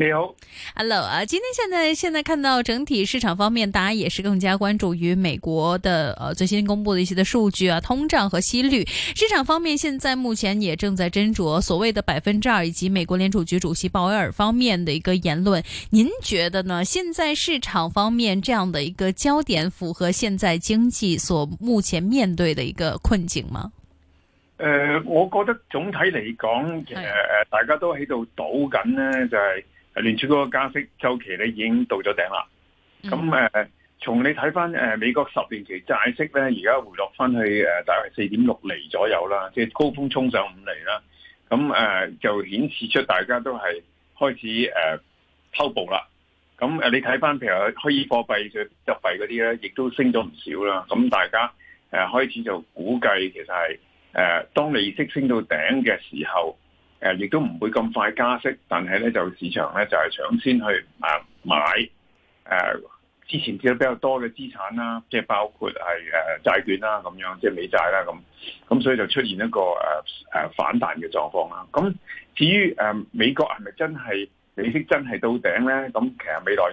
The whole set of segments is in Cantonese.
你好，Hello 啊！今天現在現在看到整體市場方面，大家也是更加關注於美國的，呃，最新公布的一些的數據啊，通脹和息率。市場方面，現在目前也正在斟酌所謂的百分之二，以及美國聯儲局主席鮑威爾方面的一個言論。您覺得呢？現在市場方面這樣的一個焦點，符合現在經濟所目前面對的一個困境嗎？呃，我覺得總體嚟講，其實誒，大家都喺度賭緊呢，就係、是。聯儲嗰個加息週期咧已經到咗頂啦。咁誒，從你睇翻誒美國十年期債息咧，而家回落翻去誒大概四點六厘左右啦，即係高峰衝上五厘啦。咁誒就顯示出大家都係開始誒偷步啦。咁誒你睇翻譬如虛擬貨幣嘅入幣嗰啲咧，亦都升咗唔少啦。咁大家誒開始就估計其實係誒當利息升到頂嘅時候。誒，亦都唔會咁快加息，但係咧就市場咧就係搶先去啊買誒，之前跌得比較多嘅資產啦，即係包括係誒債券啦，咁樣即係美債啦，咁咁所以就出現一個誒誒反彈嘅狀況啦。咁至於誒美國係咪真係利息真係到頂咧？咁其實未來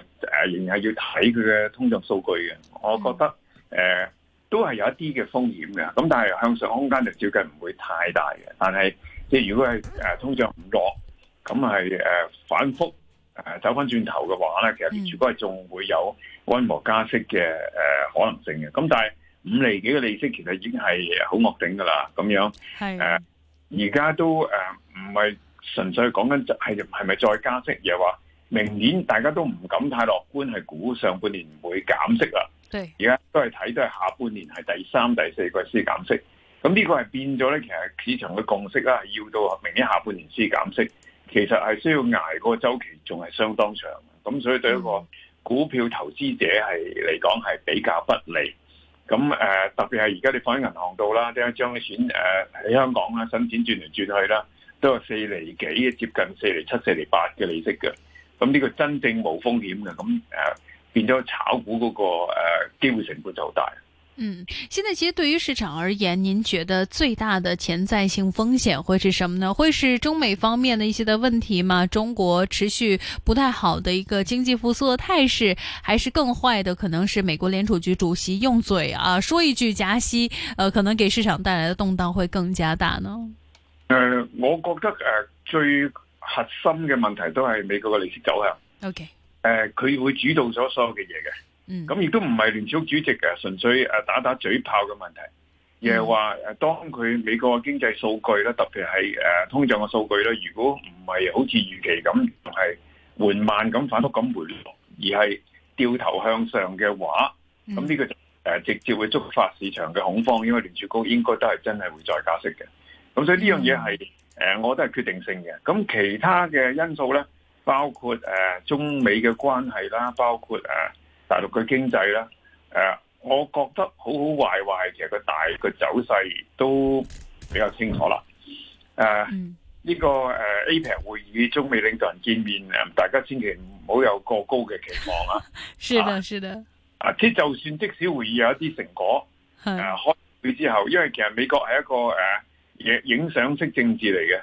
誒仍然係要睇佢嘅通脹數據嘅。我覺得誒、呃、都係有一啲嘅風險嘅，咁但係向上空間就照計唔會太大嘅，但係。即係如果係誒，通脹唔落，咁係誒反覆誒走翻轉頭嘅話咧、嗯，其實如果係仲會有溫和加息嘅誒可能性嘅。咁但係五厘幾嘅利息其實已經係好惡頂噶啦，咁樣誒而家都誒唔係純粹講緊係係咪再加息，而係話明年大家都唔敢太樂觀，係估上半年唔會減息啊。對，而家都係睇都係下半年係第三、第四季先減息。咁呢個係變咗咧，其實市場嘅共識啦，係要到明年下半年先減息，其實係需要挨個週期，仲係相當長。咁所以對一個股票投資者係嚟講係比較不利。咁、呃、特別係而家你放喺銀行度啦，點樣將啲錢喺香港啦，新錢轉嚟轉去啦，都有四釐幾，接近四釐七、四釐八嘅利息嘅。咁呢個真正無風險嘅，咁、呃、變咗炒股嗰、那個呃、機會成本就好大。嗯，現在其實對於市場而言，您覺得最大的潛在性風險會是什麼呢？會是中美方面的一些的問題嗎？中國持續不太好的一個經濟復蘇的態勢，還是更壞的？可能是美國聯儲局主席用嘴啊說一句加息，呃，可能給市場帶來的動蕩會更加大呢？呃，我覺得，呃，最核心嘅問題都是美國嘅利息走向。O K. 佢會主導咗所有嘅嘢嘅。咁亦都唔係聯儲主席嘅純粹誒打打嘴炮嘅問題，而係話誒當佢美國嘅經濟數據咧，特別係誒通脹嘅數據咧，如果唔係好似預期咁係緩慢咁反覆咁回落，而係掉頭向上嘅話，咁、嗯、呢個誒直接會觸發市場嘅恐慌，因為聯儲局應該都係真係會再加息嘅。咁所以呢樣嘢係誒，我覺得係決定性嘅。咁其他嘅因素咧，包括誒中美嘅關係啦，包括誒。大陸嘅經濟咧，誒、呃，我覺得好好壞壞，其實個大個走勢都比較清楚啦。誒、呃，呢、嗯這個誒 APEC 會議中美領導人見面，大家千祈唔好有過高嘅期望啊！ 是的，是的。啊，即就算即使會議有一啲成果，係啊開會之後，因為其實美國係一個誒、啊、影影相式政治嚟嘅。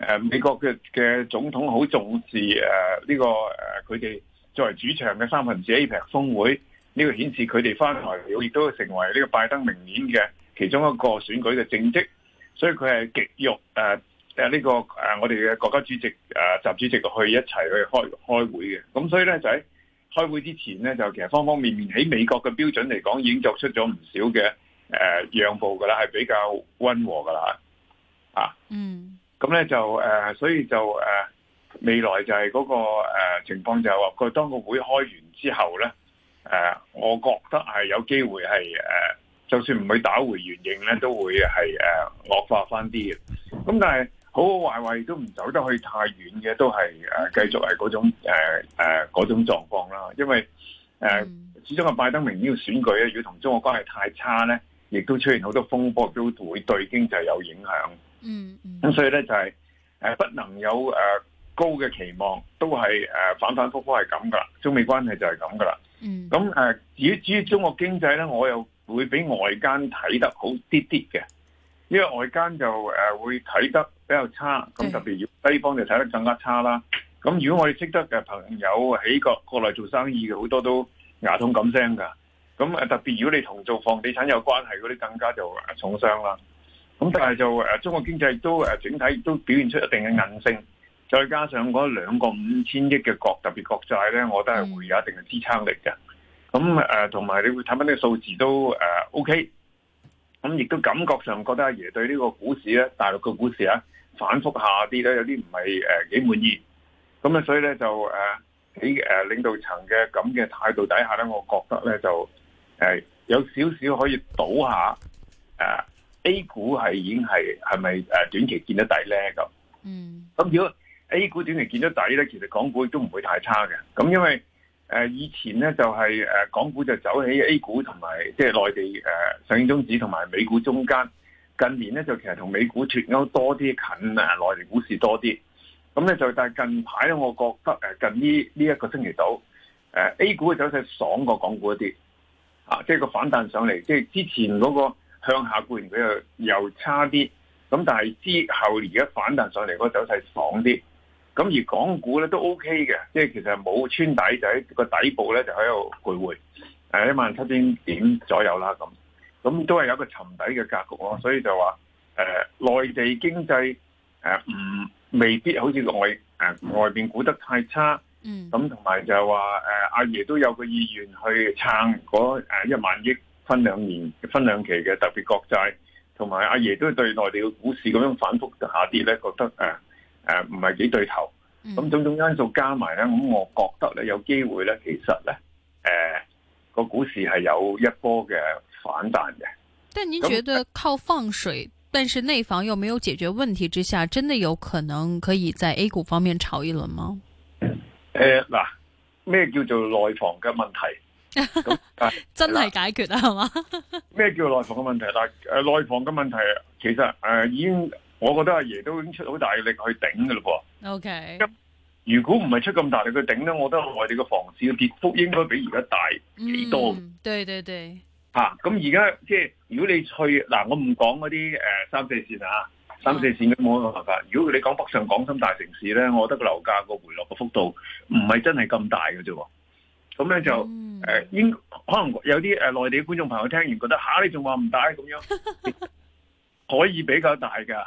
誒、啊，美國嘅嘅總統好重視誒呢、啊這個誒佢哋。啊作為主場嘅三份子，APEC 峯會呢、呢個顯示佢哋翻台了，亦都會成為呢個拜登明年嘅其中一個選舉嘅政績，所以佢係極欲。誒誒呢個誒、啊、我哋嘅國家主席誒、啊、習主席去一齊去開開會嘅，咁所以咧就喺開會之前咧就其實方方面面喺美國嘅標準嚟講已經作出咗唔少嘅誒讓步噶啦，係比較溫和噶啦，啊，嗯，咁咧、啊、就誒、啊，所以就誒。啊未來就係嗰個誒情況，就係話佢當個會開完之後咧，誒、呃，我覺得係有機會係誒、呃，就算唔會打回原形咧，都會係誒惡化翻啲嘅。咁但係好好壞壞都唔走得去太遠嘅，都係誒繼續係嗰種誒誒嗰種狀況啦。因為誒、呃，始終個拜登明年嘅選舉咧，如果同中國關係太差咧，亦都出現好多風波，都會對經濟有影響。嗯，咁、嗯、所以咧就係、是、誒、呃，不能有誒。呃高嘅期望都係誒反反复覆係咁噶中美關係就係咁噶啦。咁、嗯、誒，至於至於中國經濟咧,我又會比外間睇得好啲啲嘅，因為外間就誒、啊、會睇得比較差，咁特別要西方就睇得更加差啦。咁如果我哋識得嘅朋友喺國國內做生意嘅，好多都牙痛咁聲噶。咁誒特別如果你同做房地產有關係嗰啲，更加就重傷啦。咁但係就誒、啊、中國經濟都誒整體都表現出一定嘅韌性。再加上嗰兩個五千億嘅國特別國債咧，我都係會有一定嘅支撐力嘅。咁同埋你會睇翻啲數字都、呃、OK。咁亦都感覺上覺得阿爺對呢個股市咧，大陸嘅股市咧、啊，反覆下跌咧，有啲唔係幾滿意。咁啊，所以咧就喺、呃呃、領導層嘅咁嘅態度底下咧，我覺得咧就誒、呃、有少少可以賭下。呃、A 股係已經係係咪短期見得底咧？咁嗯，咁如果 A 股短期見到底咧，其實港股亦都唔會太差嘅。咁因為以前咧就係港股就走喺 A 股同埋即係內地上證綜指同埋美股中間。近年咧就其實同美股脫鈎多啲，近內地股市多啲。咁咧就但係近排咧，我覺得近呢呢一個星期度 A 股嘅走勢爽過港股一啲啊，即係個反彈上嚟。即係之前嗰個向下固然佢又又差啲，咁但係之後而家反彈上嚟嗰個走勢爽啲。咁而港股咧都 O K 嘅，即係其實冇穿底，就喺個底部咧就喺度徘徊，誒一萬七千點左右啦咁，咁都係有一個沉底嘅格局咯，所以就話誒、呃，內地經濟誒唔、呃、未必好似外，誒外邊估得太差，嗯，咁同埋就係話誒阿爺都有個意願去撐嗰誒一萬億分兩年分兩期嘅特別國債，同埋阿爺都對內地嘅股市咁樣反覆下跌咧覺得誒。呃誒、呃，唔係幾對頭，咁種種因素加埋咧，咁我覺得咧、嗯、有機會咧，其實咧，誒、呃，個股市係有一波嘅反彈嘅。但您覺得靠放水，嗯、但是內房又沒有解決問題之下，真的有可能可以在 A 股方面炒一輪嗎？誒、呃，嗱、呃，咩叫做內房嘅問題？咁、 啊、 真係解決啦，係、呃、嘛？咩 叫內房嘅問題？嗱、呃，誒，內房嘅問題，其實誒、呃、已經。我覺得阿爺，爺都已經出好大力去頂㗎咯噃。OK，如果唔係出咁大力去頂咧，我覺得內地嘅房市嘅跌幅應該比而家大幾多、嗯。對對對。咁而家即係如果你去嗱，我唔講嗰啲三四線啊，三四線冇乜辦法。如果你講北上廣深大城市咧，我覺得個樓價個回落個幅度唔係真係咁大嘅啫。咁、嗯、咧就誒、呃，應可能有啲內、呃、地嘅觀眾朋友聽完覺得吓、啊，你仲話唔大咁樣，可以比較大㗎。 」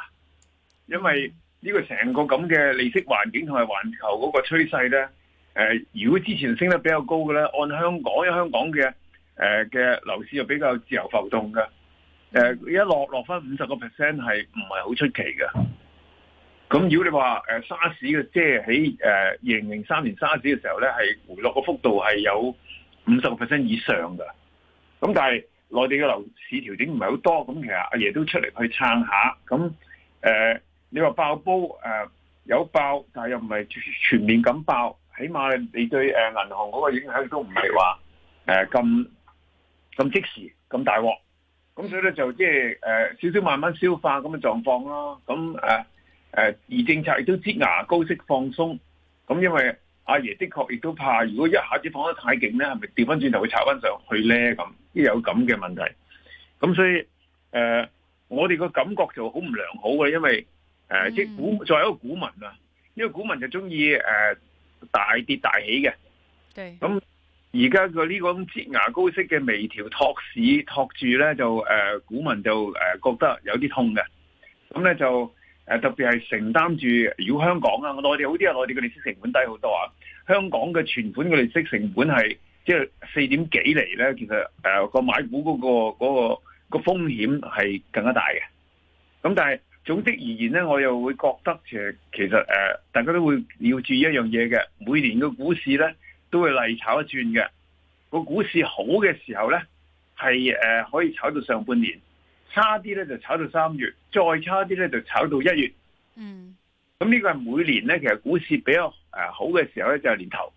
因為呢個成個咁嘅利息環境同埋環球嗰個趨勢咧，誒、呃，如果之前升得比較高嘅咧，按香港，因香港嘅誒嘅樓市又比較自由浮動嘅，誒、呃，一落落翻五十個 percent 係唔係好出奇嘅。咁如果你話誒沙士嘅，即係喺誒二零零三年沙士嘅時候咧，係回落個幅度係有五十個 percent 以上嘅。咁但係內地嘅樓市調整唔係好多，咁其實阿爺都出嚟去撐下，咁誒。呃你話爆煲誒、呃，有爆，但係又唔係全面咁爆，起碼你對誒銀行嗰個影響都唔係話誒咁咁即時咁大鑊，咁所以咧就即係誒少少慢慢消化咁嘅狀況咯。咁誒誒，而政策亦都擠牙膏式放鬆，咁因為阿爺的確亦都怕，如果一下子放得太勁咧，係咪調翻轉頭會插翻上去咧？咁有咁嘅問題，咁所以誒、呃，我哋個感覺就好唔良好嘅，因為。誒、嗯，即係股，作為一個股民啊，呢、這個股民就中意誒大跌大起嘅。咁而家個呢個折牙膏式嘅微調托市托住咧，就誒股民就誒覺得有啲痛嘅。咁咧就誒特別係承擔住，如果香港啊內地好啲啊，內地嘅利息成本低好多啊。香港嘅存款嘅利息成本係即係四點幾厘咧，其實誒個買股嗰、那個嗰、那個、那個風險係更加大嘅。咁但係。總的而言咧，我又會覺得，其實其實誒，大家都會要注意一樣嘢嘅。每年嘅股市咧，都會例炒一轉嘅。個股市好嘅時候咧，係誒、呃、可以炒到上半年，差啲咧就炒到三月，再差啲咧就炒到一月。嗯，咁呢個係每年咧，其實股市比較誒好嘅時候咧，就係、是、年頭。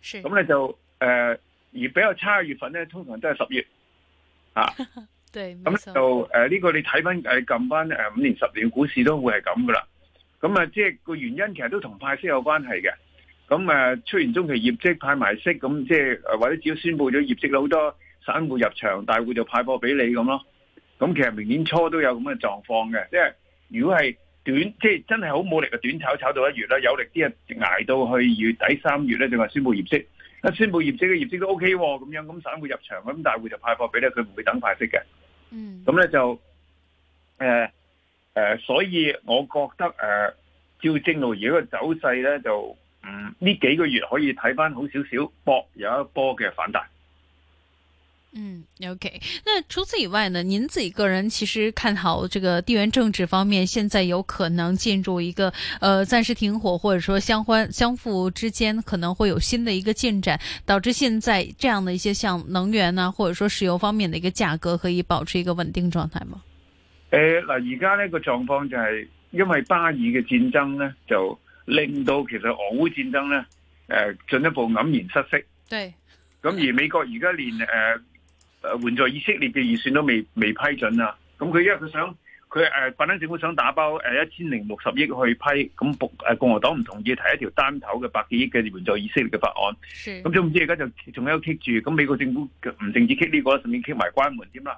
是。咁咧就誒、呃，而比較差嘅月份咧，通常都係十月。啊 咁就呢個你睇翻誒近翻五年十年股市都會係咁噶啦，咁啊即係個原因其實都同派息有關係嘅。咁誒、啊、出完中期業績派埋息，咁即係、啊、或者只要宣布咗業績，好多散戶入場，大戶就派貨俾你咁咯。咁其實明年初都有咁嘅狀況嘅，即係如果係短即係真係好冇力嘅短炒，炒到一月啦，有力啲啊捱到去月底三月咧，就話宣布業績。一宣布業績嘅業績都 OK 喎，咁樣咁散戶入場，咁大戶就派貨俾咧，佢唔會等派息嘅。嗯，咁咧就誒誒，所以我覺得誒、呃、照正路而嗰個走勢咧，就嗯呢幾個月可以睇翻好少少，博有一波嘅反彈。嗯，OK，那除此以外呢？您自己個人其實看好這個地緣政治方面，現在有可能進入一個，呃，暫時停火，或者說相互相互之間可能會有新的一個進展，導致現在這樣的一些像能源啊，或者說石油方面的一個價格可以保持一個穩定狀態嗎？誒、呃，嗱、呃，而家呢個狀況就係因為巴爾嘅戰爭呢，就令到其實俄烏戰爭呢誒、呃，進一步黯然失色。對。咁而美國而家連呃誒，援助以色列嘅預算都未未批准啊！咁佢因為佢想，佢誒，拜、呃、登政府想打包誒一千零六十億去批，咁、嗯、誒、呃、共和黨唔同意，提一條單頭嘅百幾億嘅援助以色列嘅法案。咁總唔知而家就仲喺度棘住，咁美國政府唔淨止棘、這、呢個，甚至棘埋關門添啦。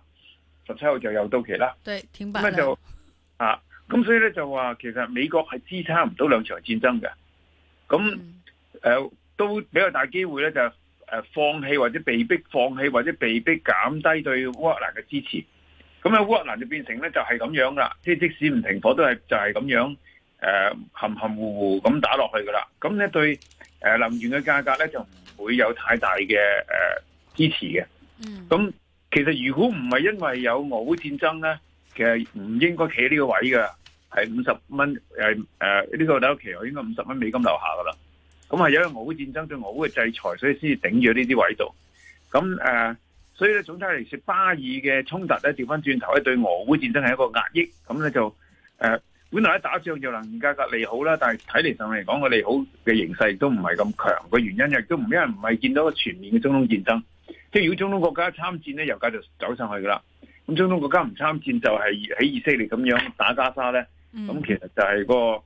十七號就又到期啦。對，點辦？咁就啊，咁所以咧就話，其實美國係支撐唔到兩場戰爭嘅。咁誒、嗯呃，都比較大機會咧就。誒，放棄或者被逼放棄或者被逼減低對烏克蘭嘅支持，咁啊烏克蘭就變成咧就係咁樣啦，即係即使唔停火都係就係咁樣，誒含含糊糊咁打落去噶啦，咁咧對誒能源嘅價格咧就唔會有太大嘅誒支持嘅。嗯，咁其實如果唔係因為有俄烏戰爭咧，其實唔應該企喺呢個位噶，係五十蚊，係誒呢個第一期我應該五十蚊美金樓下噶啦。咁係因為俄烏戰爭對俄烏嘅制裁，所以先至頂住咗呢啲位度。咁誒、呃，所以咧總體嚟說，巴以嘅衝突咧掉翻轉頭咧對俄烏戰爭係一個壓抑。咁咧就誒、呃、本來一打仗就能價格,格利好啦，但係睇嚟上嚟講，個利好嘅形勢都唔係咁強。個原因亦都唔因為唔係見到個全面嘅中東戰爭，即係如果中東國家參戰咧，又繼續走上去噶啦。咁中東國家唔參戰就係喺以色列咁樣打加沙咧，咁其實就係個。嗯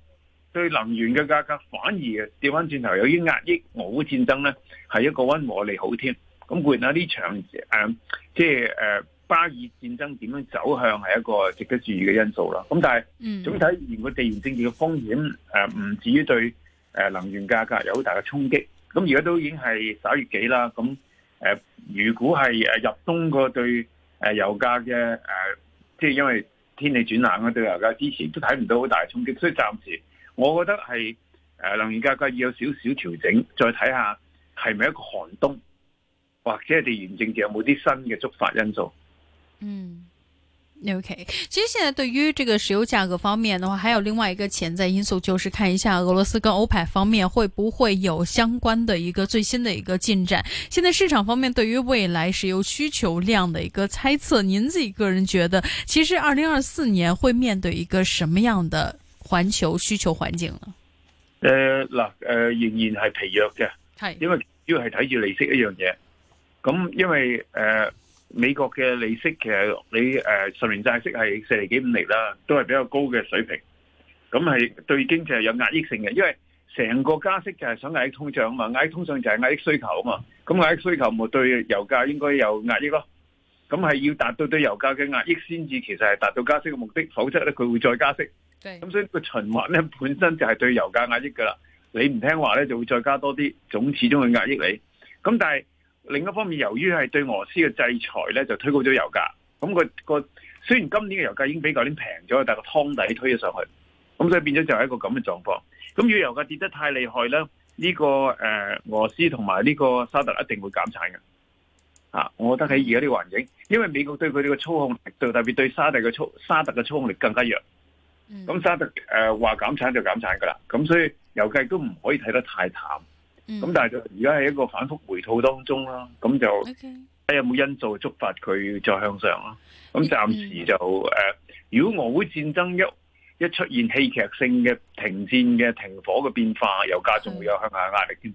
對能源嘅價格反而調翻轉頭，有啲壓抑俄烏戰爭咧，係一個溫和利好添。咁固然啊，呢場誒即係誒巴以戰爭點樣走向係一個值得注意嘅因素啦。咁但係總體如果地緣政治嘅風險誒唔至於對誒能源價格有好大嘅衝擊。咁而家都已經係十一月幾啦。咁誒如果係誒入冬個對誒油價嘅誒即係因為天氣轉冷咧對油價支持都睇唔到好大嘅衝擊，所以暫時。我覺得係誒能源價格要有少少調整，再睇下係咪一個寒冬，或者地緣政治有冇啲新嘅觸發因素。嗯，OK，其實現在對於這個石油價格方面的話，還有另外一個潛在因素，就是看一下俄羅斯跟歐派方面會不會有相關的一個最新的一個進展。現在市場方面對於未來石油需求量的一個猜測，您自己個人覺得，其實二零二四年會面對一個什麼樣的？環球需求環境，誒、呃、嗱，誒、呃、仍然係疲弱嘅，係因為主要係睇住利息一樣嘢。咁因為誒美國嘅利息其實你誒十、呃、年債息係四厘幾五厘啦，都係比較高嘅水平。咁係對經濟有壓抑性嘅，因為成個加息就係想壓抑通脹啊嘛，壓抑通脹就係壓抑需求啊嘛，咁、嗯、壓抑需求咪對油價應該有壓抑咯。咁係要達到對油價嘅壓抑先至，其實係達到加息嘅目的，否則咧佢會再加息。.咁所以個循環咧本身就係對油價壓抑噶啦，你唔聽話咧就會再加多啲，總始終去壓抑你。咁但係另一方面，由於係對俄羅斯嘅制裁咧就推高咗油價，咁、那、佢個雖然今年嘅油價已經比舊年平咗，但個湯底推咗上去，咁所以變咗就係一個咁嘅狀況。咁如果油價跌得太厲害咧，呢、這個誒俄羅斯同埋呢個沙特一定會減產嘅。啊，我覺得喺而家呢個環境，因為美國對佢哋嘅操控力度，特別對沙特嘅操沙特嘅操控力更加弱。咁沙特誒話減產就減產噶啦，咁所以油價都唔可以睇得太淡。咁、嗯、但係就而家係一個反覆回吐當中啦，咁就睇有冇因素觸發佢再向上啦。咁暫時就誒、呃，如果俄烏戰爭一一出現戲劇性嘅停戰嘅停火嘅變化，油價仲會有向下壓力。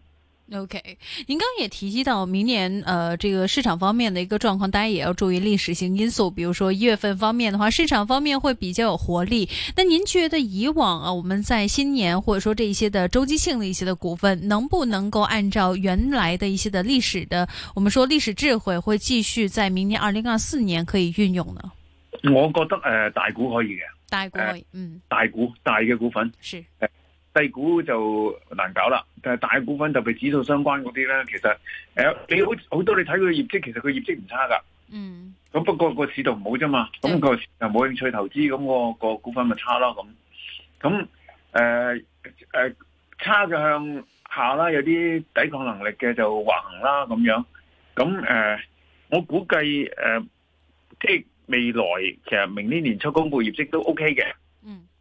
OK，您剛剛也提及到明年，呃，這個市場方面的一個狀況，大家也要注意歷史性因素。比如說一月份方面的話，市場方面會比較有活力。那您覺得以往啊，我們在新年或者說這一些的周期性的一些的股份，能不能夠按照原來的一些的歷史的，我們說歷史智慧，會繼續在明年二零二四年可以運用呢？我覺得，呃，大股可以的，大股可以，呃、嗯，大股大嘅股份是。細股就難搞啦，但係大股份就俾指數相關嗰啲咧，其實誒，你好好多，你睇佢嘅業績，其實佢業績唔差噶。嗯。咁不過個市道唔好啫嘛，咁個就冇興趣投資，咁、那個個股份咪差咯咁。咁誒誒，差就向下啦，有啲抵抗能力嘅就橫行啦，咁樣。咁誒、呃，我估計誒、呃，即係未來其實明年年初公布業績都 OK 嘅。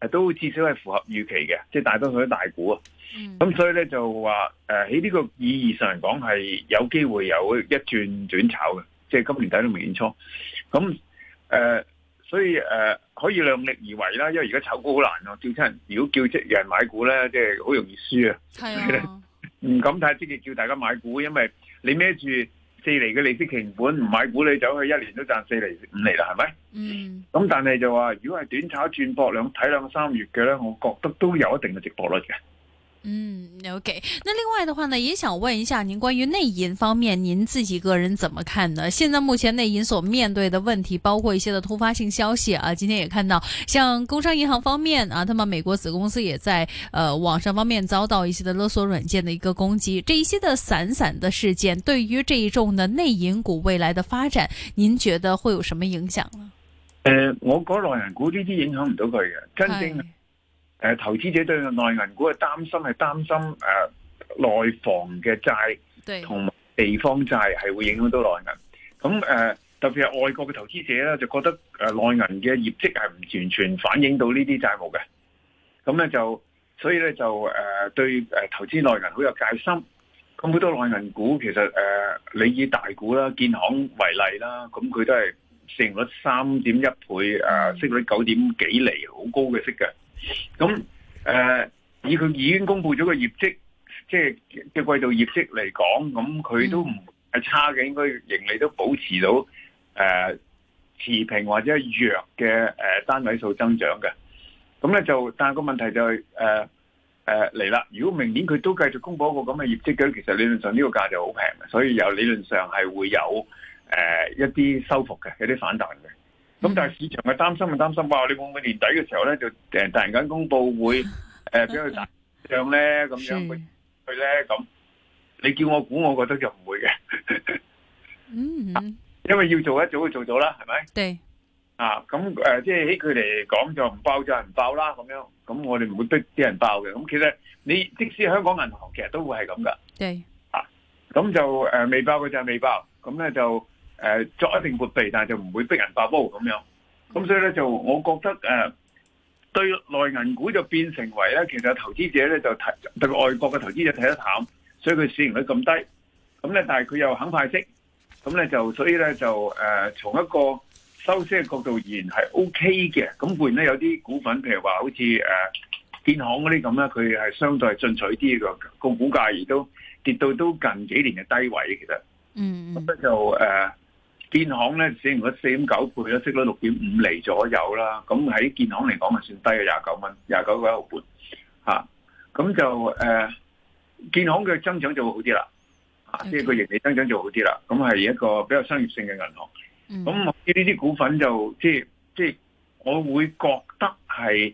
都至少係符合預期嘅，即係大多數都大股啊，咁所以咧就話誒喺呢個意義上嚟講係有機會有一轉轉炒嘅，即係今年底到明年初，咁誒所以誒可以量力而為啦，因為而家炒股好難咯，親人叫人如果叫即人買股咧，即係好容易輸啊，係啊，唔 敢太積極叫大家買股，因為你孭住。四厘嘅利息期本唔買股，你走去一年都賺四厘、五厘啦，係咪？嗯，咁但係就話，如果係短炒轉博兩睇兩三月嘅咧，我覺得都有一定嘅值博率嘅。嗯，OK，那另外的話呢，也想問一下您關於內銀方面，您自己個人怎麼看呢？現在目前內銀所面對的問題，包括一些的突發性消息啊，今天也看到像工商銀行方面啊，他們美國子公司也在呃網上方面遭到一些的勒索軟件的一個攻擊，這一些的散散的事件，對於這一眾的內銀股未來的發展，您覺得會有什麼影響呢？呃，我講內銀股呢，啲影響唔到佢嘅，真正，哎。誒，投資者對內銀股嘅擔心係擔心誒內、呃、房嘅債同地方債係會影響到內銀。咁誒、呃，特別係外國嘅投資者咧，就覺得誒內銀嘅業績係唔完全反映到呢啲債務嘅。咁咧就，所以咧就誒、呃、對誒投資內銀好有戒心。咁好多內銀股其實誒、呃，你以大股啦建行為例啦，咁佢都係市盈率三點一倍，誒、啊、息率九點幾厘，好高嘅息嘅。咁誒、呃，以佢已經公布咗個業績，即係嘅季度業績嚟講，咁佢都唔係差嘅，應該盈利都保持到誒、呃、持平或者弱嘅誒、呃、單位數增長嘅。咁咧就，但係個問題就係誒誒嚟啦。如果明年佢都繼續公布一個咁嘅業績嘅，其實理論上呢個價就好平，所以有理論上係會有誒、呃、一啲收復嘅，有啲反彈嘅。咁、嗯、但係市場嘅擔心係擔心，哇！你估唔估年底嘅時候咧就誒突然間公佈會畀俾佢打仗咧咁樣去去咧咁？你叫我估，我覺得就唔會嘅、 嗯。嗯、啊，因為要做一早，就做咗啦，係咪？啊，咁、呃、即係喺佢哋嚟講就唔爆就唔爆啦，咁樣。咁我哋唔會逼啲人爆嘅。咁其實你即使香港銀行其實都會係咁㗎。啊，咁就未、呃、爆嘅就係未爆，咁咧就。誒，作一定撥備，但係就唔會逼人發煲咁樣，咁所以咧就我覺得誒，對內銀股就變成為咧，其實投資者咧就睇對外國嘅投資者睇得淡，所以佢市盈率咁低，咁咧但係佢又肯派息，咁咧就所以咧就誒，從、呃、一個收息嘅角度而言係 OK 嘅，咁固然咧有啲股份，譬如話好似誒建行嗰啲咁啦，佢係相對係進取啲嘅，個股價而都跌到都近幾年嘅低位，其實，咁咧就誒。呃建行咧，只用咗四點九倍咧，息率六點五厘左右啦，咁喺建行嚟講咪算低嘅廿九蚊，廿九個一毫半，吓、啊，咁就誒，建行嘅增長就會好啲啦，吓，即係佢盈利增長就好啲啦，咁係一個比較商業性嘅銀行，咁呢啲股份就即係即係我會覺得係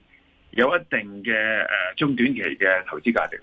有一定嘅誒、呃、中短期嘅投資價值。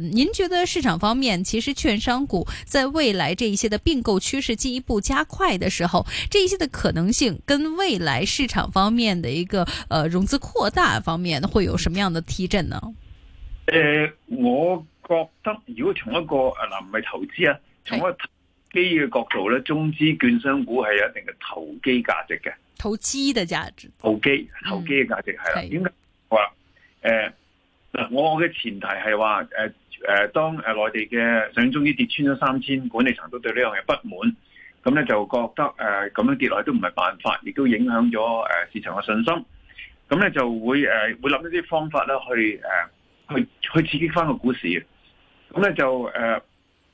您覺得市場方面，其實券商股在未來這一些的併購趨勢進一步加快的時候，這一些的可能性跟未來市場方面的一個，呃，融資擴大方面會有什麼樣的提振呢？呃，我覺得如果從一個誒嗱，唔係投資啊，從一個投機嘅角度呢，中資券商股係有一定嘅投機價值嘅。投機的價值。投機投機嘅價值係啦，點解話誒？嗱，我嘅前提係話，誒誒，當誒內地嘅上證跌穿咗三千，管理層都對呢樣嘢不滿，咁咧就覺得誒咁樣跌落去都唔係辦法，亦都影響咗誒市場嘅信心，咁咧就會誒會諗一啲方法啦，去誒去去刺激翻個股市嘅，咁咧就誒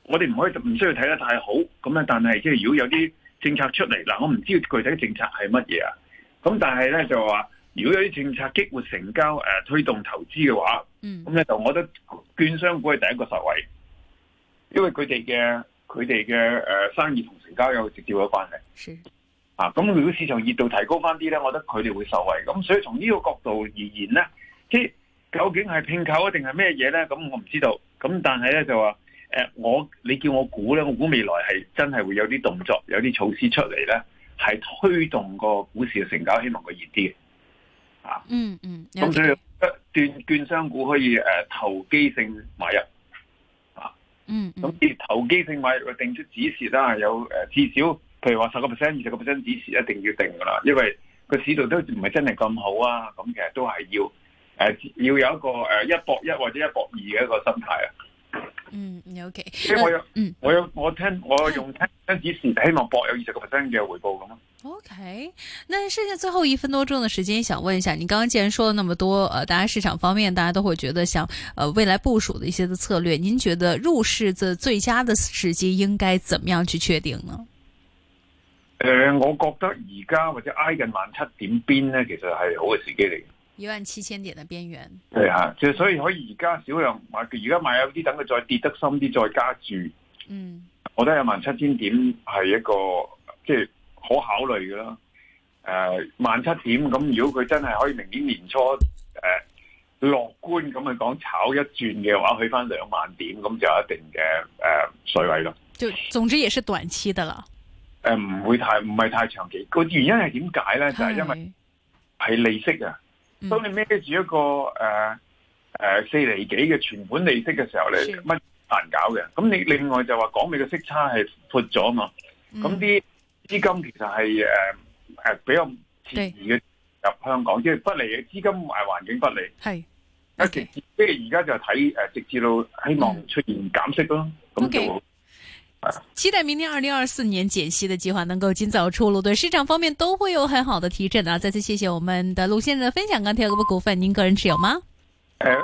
我哋唔可以唔需要睇得太好，咁咧但係即係如果有啲政策出嚟，嗱，我唔知具體政策係乜嘢啊，咁但係咧就話。如果有啲政策激活成交，誒、呃、推動投資嘅話，咁、嗯、咧就我覺得券商股係第一個受惠，因為佢哋嘅佢哋嘅誒生意同成交有直接嘅關係。啊，咁如果市場熱度提高翻啲咧，我覺得佢哋會受惠。咁所以從呢個角度而言咧，即、係、究竟係併購啊定係咩嘢咧？咁我唔知道。咁但係咧就話，誒、呃、我你叫我估咧，我估未來係真係會有啲動作，有啲措施出嚟咧，係推動個股市嘅成交，希望佢熱啲。嗯嗯，咁、嗯、所以，斷券商股可以誒投機性買入，啊、嗯，嗯，咁而投機性買入，定出止蝕啦，有誒至少，譬如話十個 percent、二十個 percent 止蝕，一定要定噶啦，因為個市道都唔係真係咁好啊，咁其實都係要誒要有一個誒一博一或者一博二嘅一個心態啊。嗯，OK，即、嗯、我有，嗯，我有，我，有我聽，我用聽聽指示，希望博有二十個 percent 嘅回報咁咯。OK，那剩下最後一分多鐘嘅時間，想問一下，你剛剛既然說了那麼多，誒、呃，大家市場方面，大家都會覺得像誒、呃，未來部署的一些的策略，您覺得入市嘅最佳的時機應該怎麼樣去確定呢？誒、呃，我覺得而家或者挨近萬七點邊呢，其實係好嘅時機嚟。一萬七千點嘅邊緣，係啊，即係所以可以而家少量買，而家買有啲等佢再跌得深啲再加注。嗯，我覺得有萬七千點係一個即係可考慮嘅咯。誒、呃，萬七點咁，如果佢真係可以明年年初誒、呃、樂觀咁去講炒一轉嘅話，去翻兩萬點咁就有一定嘅誒、呃、水位咯。就總之也是短期的啦。誒、呃，唔會太唔係太長期個原因係點解咧？就係、是、因為係利息啊。嗯、當你孭住一個誒誒四厘幾嘅存款利息嘅時候咧，乜難搞嘅？咁你另外就話港美嘅息差係闊咗嘛？咁啲資金其實係誒誒比較遲疑嘅入香港，即係、就是、不利嘅資金環環境不利。係，一直即係而家就睇誒、呃，直至到希望出現減息咯，咁、嗯、就。Okay, 期待明年2024年二零二四年減息的計劃能夠盡早出爐，對市場方面都會有很好的提振啊！再次謝謝我們的陸先生的分享。鋼鐵股份您個人持有嗎？嗯